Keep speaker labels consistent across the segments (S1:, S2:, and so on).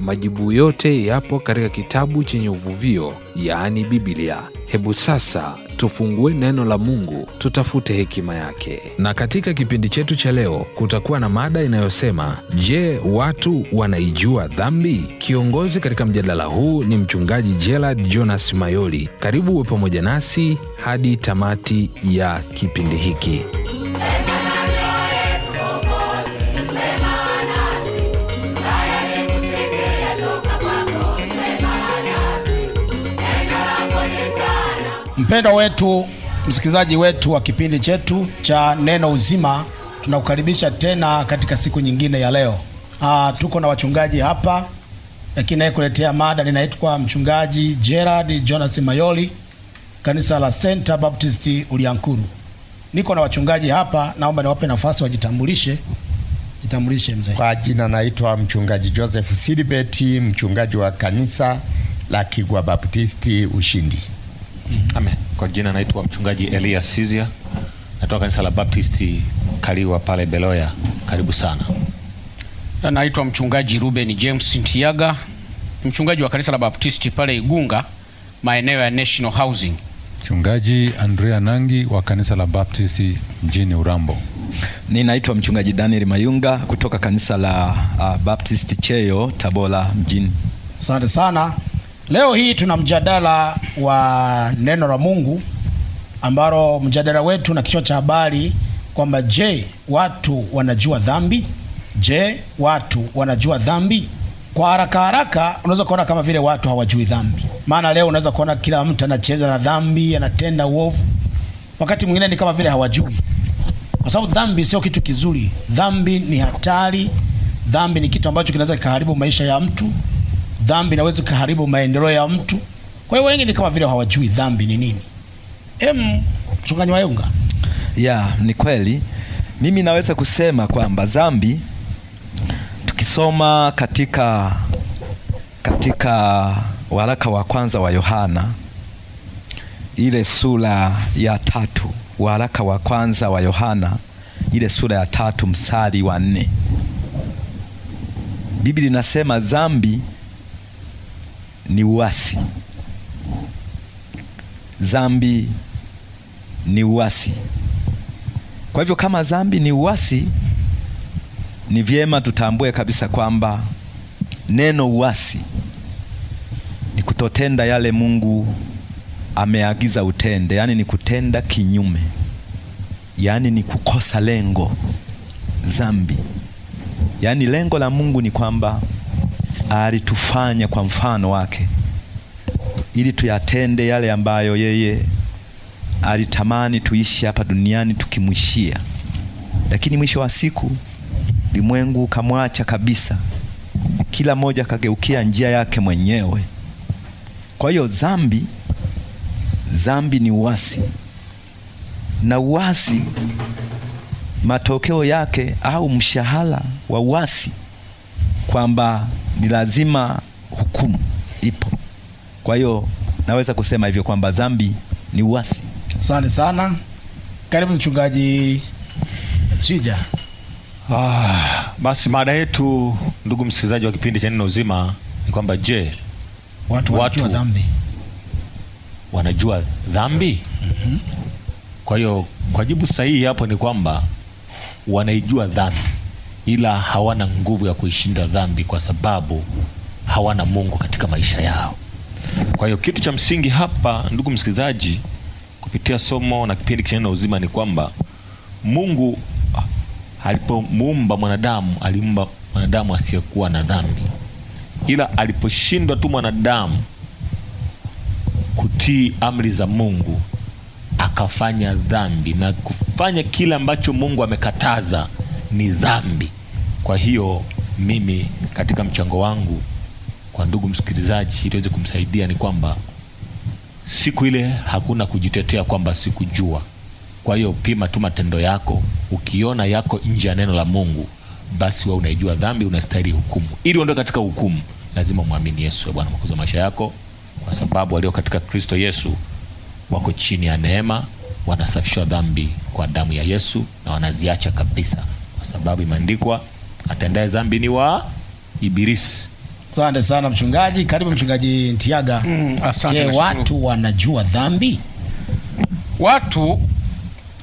S1: Majibu yote yapo katika kitabu chenye uvuvio, yaani Biblia. Hebu sasa tufungue neno la Mungu, tutafute hekima yake. Na katika kipindi chetu cha leo kutakuwa na mada inayosema, je, watu wanaijua dhambi? Kiongozi katika mjadala huu ni mchungaji Gerald Jonas Mayoli. Karibu uwe pamoja nasi hadi tamati ya kipindi hiki.
S2: Mpendwa wetu msikilizaji wetu wa kipindi chetu cha Neno Uzima, tunakukaribisha tena katika siku nyingine ya leo. Aa, ah, tuko na wachungaji hapa, lakini anayekuletea mada ninaitwa Mchungaji Gerard Jonas Mayoli, kanisa la Center Baptist
S3: Uliankuru. Niko na wachungaji hapa, naomba niwape nafasi wajitambulishe. Jitambulishe mzee. Kwa jina naitwa Mchungaji Joseph Silibeti, mchungaji wa kanisa
S4: la Kigwa Baptisti Ushindi. Mhm. Amen. Kwa jina naitwa mchungaji Elias Sizia, natoka kanisa la Baptisti Kaliwa pale Beloya. Karibu sana.
S5: Naitwa mchungaji Ruben James Ntiaga, mchungaji wa kanisa la Baptisti pale Igunga, maeneo ya National Housing.
S1: Mchungaji Andrea Nangi
S6: wa kanisa la Baptisti mjini Urambo. Ninaitwa mchungaji Daniel Mayunga kutoka kanisa la uh, Baptist Cheyo Tabora mjini. Asante sana.
S2: Leo hii tuna mjadala wa neno la Mungu ambalo mjadala wetu na kichwa cha habari kwamba je, watu wanajua dhambi? Je, watu wanajua dhambi? Kwa haraka haraka unaweza kuona kama vile watu hawajui dhambi, maana leo unaweza kuona kila mtu anacheza na dhambi, anatenda uovu. Wakati mwingine ni kama vile hawajui, kwa sababu dhambi sio kitu kizuri. Dhambi ni hatari, dhambi ni kitu ambacho kinaweza kikaharibu maisha ya mtu Dhambi inaweza kuharibu maendeleo ya mtu. Kwa hiyo wengi ni kama vile hawajui dhambi ni nini. Em, mchunganyi
S6: wa Yunga. Ya, ni kweli. Mimi naweza kusema kwamba dhambi tukisoma katika katika waraka wa kwanza wa Yohana ile sura ya tatu, waraka wa kwanza wa Yohana ile sura ya tatu msali wa nne Biblia inasema dhambi ni uasi, zambi ni uasi. Kwa hivyo kama zambi ni uasi, ni vyema tutambue kabisa kwamba neno uasi ni kutotenda yale Mungu ameagiza utende, yaani ni kutenda kinyume, yaani ni kukosa lengo zambi Yaani lengo la Mungu ni kwamba alitufanya kwa mfano wake ili tuyatende yale ambayo yeye alitamani tuishi hapa duniani tukimwishia, lakini mwisho wa siku limwengu kamwacha kabisa, kila mmoja akageukia njia yake mwenyewe. Kwa hiyo dhambi, dhambi ni uasi, na uasi, matokeo yake au mshahara wa uasi kwamba ni lazima hukumu ipo. Kwa hiyo naweza kusema hivyo kwamba dhambi ni uasi. Asante sana, karibu mchungaji Chija. Ah,
S4: basi mada yetu ndugu msikilizaji wa kipindi cha Neno Uzima ni kwamba je,
S2: watu, watu wanajua dhambi?
S4: Wanajua dhambi? Mm -hmm. Kwa hiyo kwa jibu sahihi hapo ni kwamba wanaijua dhambi ila hawana nguvu ya kuishinda dhambi kwa sababu hawana Mungu katika maisha yao. Kwa hiyo kitu cha msingi hapa, ndugu msikilizaji, kupitia somo na kipindi cha Neno Uzima ni kwamba Mungu ah, alipomuumba mwanadamu aliumba mwanadamu asiyekuwa na dhambi, ila aliposhindwa tu mwanadamu kutii amri za Mungu akafanya dhambi na kufanya kile ambacho Mungu amekataza ni dhambi. Kwa hiyo mimi katika mchango wangu kwa ndugu msikilizaji, iliweze kumsaidia ni kwamba siku ile hakuna kujitetea kwamba sikujua. Kwa hiyo pima tu matendo yako, ukiona yako nje ya neno la Mungu, basi wewe unaijua dhambi, unastahili hukumu. Ili uondoke katika hukumu, lazima muamini Yesu Bwana mwokozi wa maisha yako, kwa sababu walio katika Kristo Yesu wako chini ya neema, wanasafishwa dhambi kwa damu ya Yesu na wanaziacha kabisa sababu imeandikwa atendaye dhambi ni wa Ibilisi. Asante sana mchungaji. Karibu mchungaji
S2: Ntiaga. Mm, Je, watu wanajua dhambi? Watu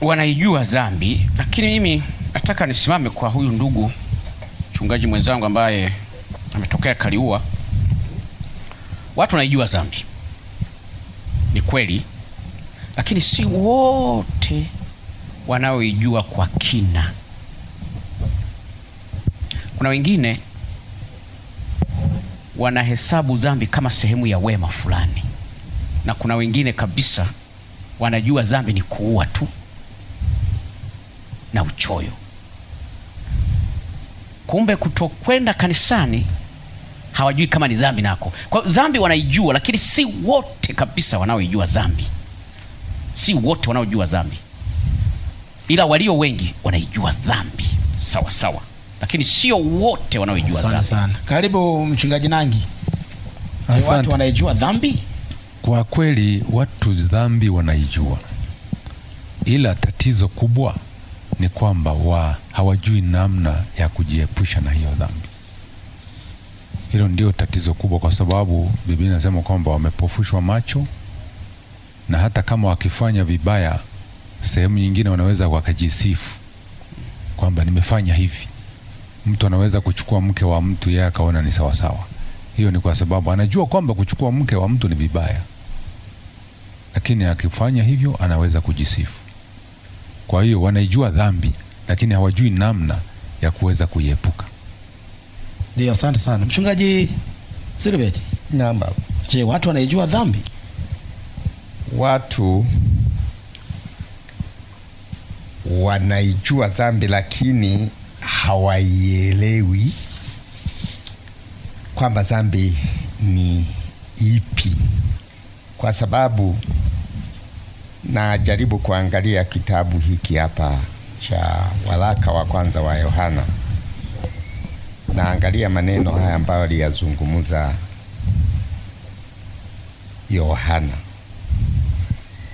S5: wanaijua dhambi, lakini mimi nataka nisimame kwa huyu ndugu mchungaji mwenzangu ambaye ametokea Kaliua. Watu wanaijua dhambi, ni kweli, lakini si wote wanaoijua kwa kina. Kuna wengine wanahesabu dhambi kama sehemu ya wema fulani, na kuna wengine kabisa wanajua dhambi ni kuua tu na uchoyo. Kumbe kutokwenda kanisani hawajui kama ni dhambi nako. Kwa dhambi wanaijua, lakini si wote kabisa wanaoijua dhambi, si wote wanaojua dhambi, ila walio wengi wanaijua dhambi sawa sawa lakini sio wote wanaoijua sana sana.
S2: Karibu mchungaji Nangi. Watu wanaijua
S1: dhambi? Kwa kweli watu dhambi wanaijua, ila tatizo kubwa ni kwamba wa hawajui namna ya kujiepusha na hiyo dhambi. Hilo ndio tatizo kubwa, kwa sababu Biblia inasema kwamba wamepofushwa macho, na hata kama wakifanya vibaya, sehemu nyingine wanaweza wakajisifu kwamba nimefanya hivi mtu anaweza kuchukua mke wa mtu yeye akaona ni sawasawa. Hiyo ni kwa sababu anajua kwamba kuchukua mke wa mtu ni vibaya, lakini akifanya hivyo anaweza kujisifu. Kwa hiyo wanaijua dhambi, lakini hawajui namna ya kuweza kuiepuka.
S2: Ndio, asante sana mchungaji Silbert. Naam baba.
S3: Je, watu wanaijua dhambi? Watu wanaijua dhambi lakini hawaielewi kwamba dhambi ni ipi, kwa sababu najaribu kuangalia kitabu hiki hapa cha waraka wa kwanza wa Yohana, naangalia maneno haya ambayo aliyazungumza Yohana.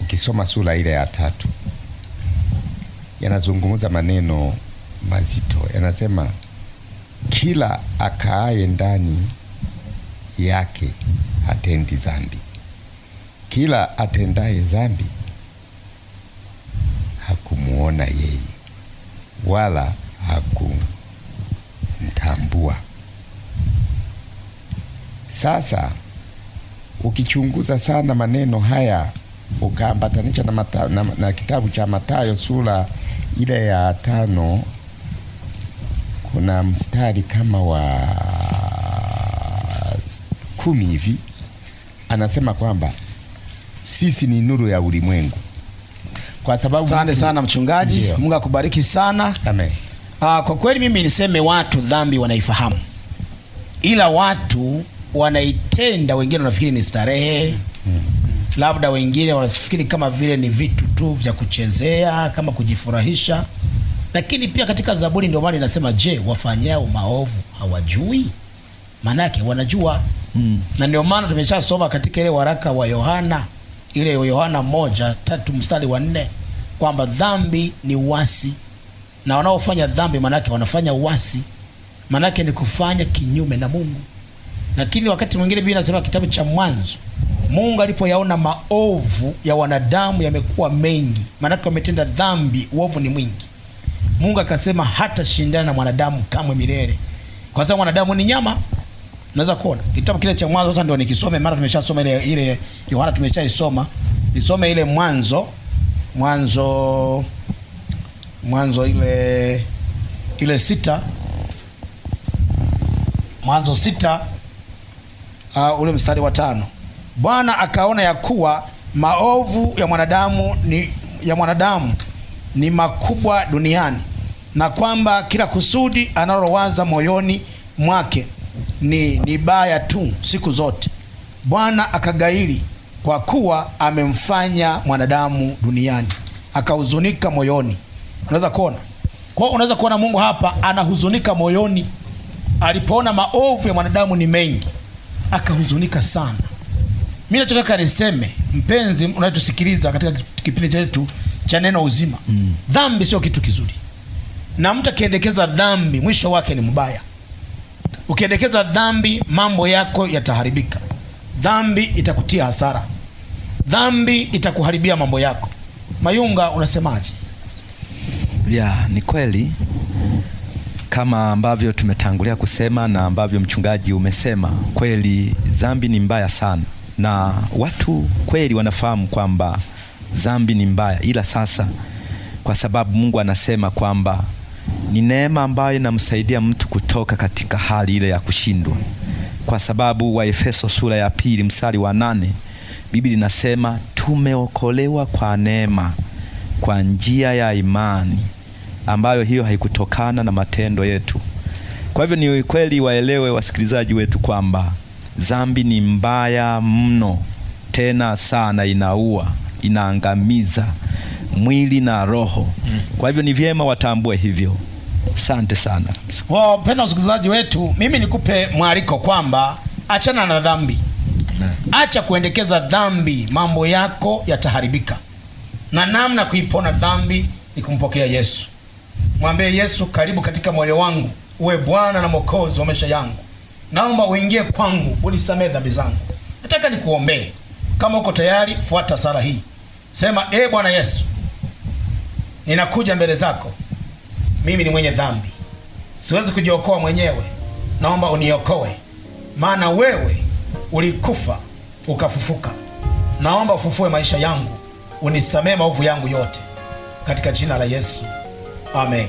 S3: Ukisoma sura ile ya tatu, yanazungumza maneno mazito yanasema, kila akaaye ndani yake hatendi dhambi, kila atendaye dhambi hakumuona yeye wala hakumtambua. Sasa ukichunguza sana maneno haya ukaambatanisha na, na, na kitabu cha Mathayo sura ile ya tano kuna mstari kama wa kumi hivi anasema kwamba sisi ni nuru ya ulimwengu. Kwa
S2: sababu asante sana mchungaji, Mungu akubariki sana. Amen. Aa, ah, kwa kweli mimi niseme watu dhambi wanaifahamu, ila watu wanaitenda. Wengine wanafikiri ni starehe mm. Labda wengine wanafikiri kama vile ni vitu tu vya kuchezea, kama kujifurahisha lakini pia katika Zaburi ndio maana inasema, je, wafanyao maovu hawajui? Maana yake wanajua mm. na ndio maana tumeshasoma katika ile waraka wa Yohana ile Yohana moja tatu mstari wa nne kwamba dhambi ni uasi na wanaofanya dhambi maanake wanafanya uasi, maanake ni kufanya kinyume na Mungu. Lakini wakati mwingine Biblia inasema kitabu cha Mwanzo, Mungu alipoyaona maovu ya wanadamu yamekuwa mengi, maanake wametenda dhambi, uovu ni mwingi. Mungu akasema hata shindana na mwanadamu kamwe milele, kwa sababu mwanadamu ni nyama. Naweza kuona kitabu kile cha Mwanzo sasa ndio nikisome, mara tumeshasoma ile ile Yohana tumeshaisoma. Nisome ile Mwanzo, Mwanzo, Mwanzo ile ile sita, Mwanzo sita, uh, ule mstari wa tano. Bwana akaona ya kuwa maovu ya mwanadamu ni ya mwanadamu ni makubwa duniani na kwamba kila kusudi analowaza moyoni mwake ni, ni baya tu siku zote. Bwana akagairi kwa kuwa amemfanya mwanadamu duniani, akahuzunika moyoni. Unaweza kuona kwa, unaweza kuona Mungu hapa anahuzunika moyoni alipoona maovu ya mwanadamu ni mengi, akahuzunika sana. Mimi nachotaka niseme, mpenzi unayetusikiliza katika kipindi chetu cha neno uzima mm. Dhambi sio kitu kizuri, na mtu akiendekeza dhambi mwisho wake ni mbaya. Ukiendekeza dhambi, mambo yako yataharibika. Dhambi itakutia hasara, dhambi itakuharibia mambo yako. Mayunga, unasemaje?
S6: Yeah, ni kweli kama ambavyo tumetangulia kusema na ambavyo mchungaji umesema, kweli dhambi ni mbaya sana, na watu kweli wanafahamu kwamba Dhambi ni mbaya, ila sasa kwa sababu Mungu anasema kwamba ni neema ambayo inamsaidia mtu kutoka katika hali ile ya kushindwa, kwa sababu Waefeso sura ya pili mstari wa nane Biblia inasema tumeokolewa kwa neema kwa njia ya imani, ambayo hiyo haikutokana na matendo yetu. Kwa hivyo ni ukweli, waelewe wasikilizaji wetu kwamba dhambi ni mbaya mno, tena sana, inaua inaangamiza mwili na roho. Mm. Kwa hivyo ni vyema watambue hivyo. Asante sana wapenda wasikilizaji wetu, mimi nikupe mwaliko kwamba achana na dhambi,
S2: acha kuendekeza dhambi, mambo yako yataharibika. Na namna kuipona dhambi ni kumpokea Yesu. Mwambie Yesu, karibu katika moyo wangu, uwe Bwana na Mwokozi wa maisha yangu, naomba uingie kwangu, unisamehe dhambi zangu. Nataka nikuombee. Kama uko tayari, fuata sala hii. Sema, e Bwana Yesu, ninakuja mbele zako, mimi ni mwenye dhambi, siwezi kujiokoa mwenyewe, naomba uniokoe, maana wewe ulikufa ukafufuka. Naomba ufufue maisha yangu, unisamee maovu yangu yote, katika jina la Yesu,
S1: amen.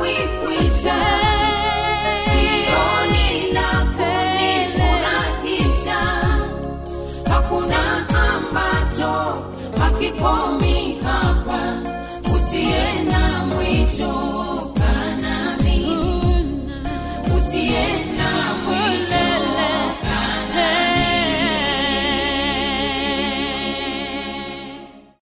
S6: week, we shall.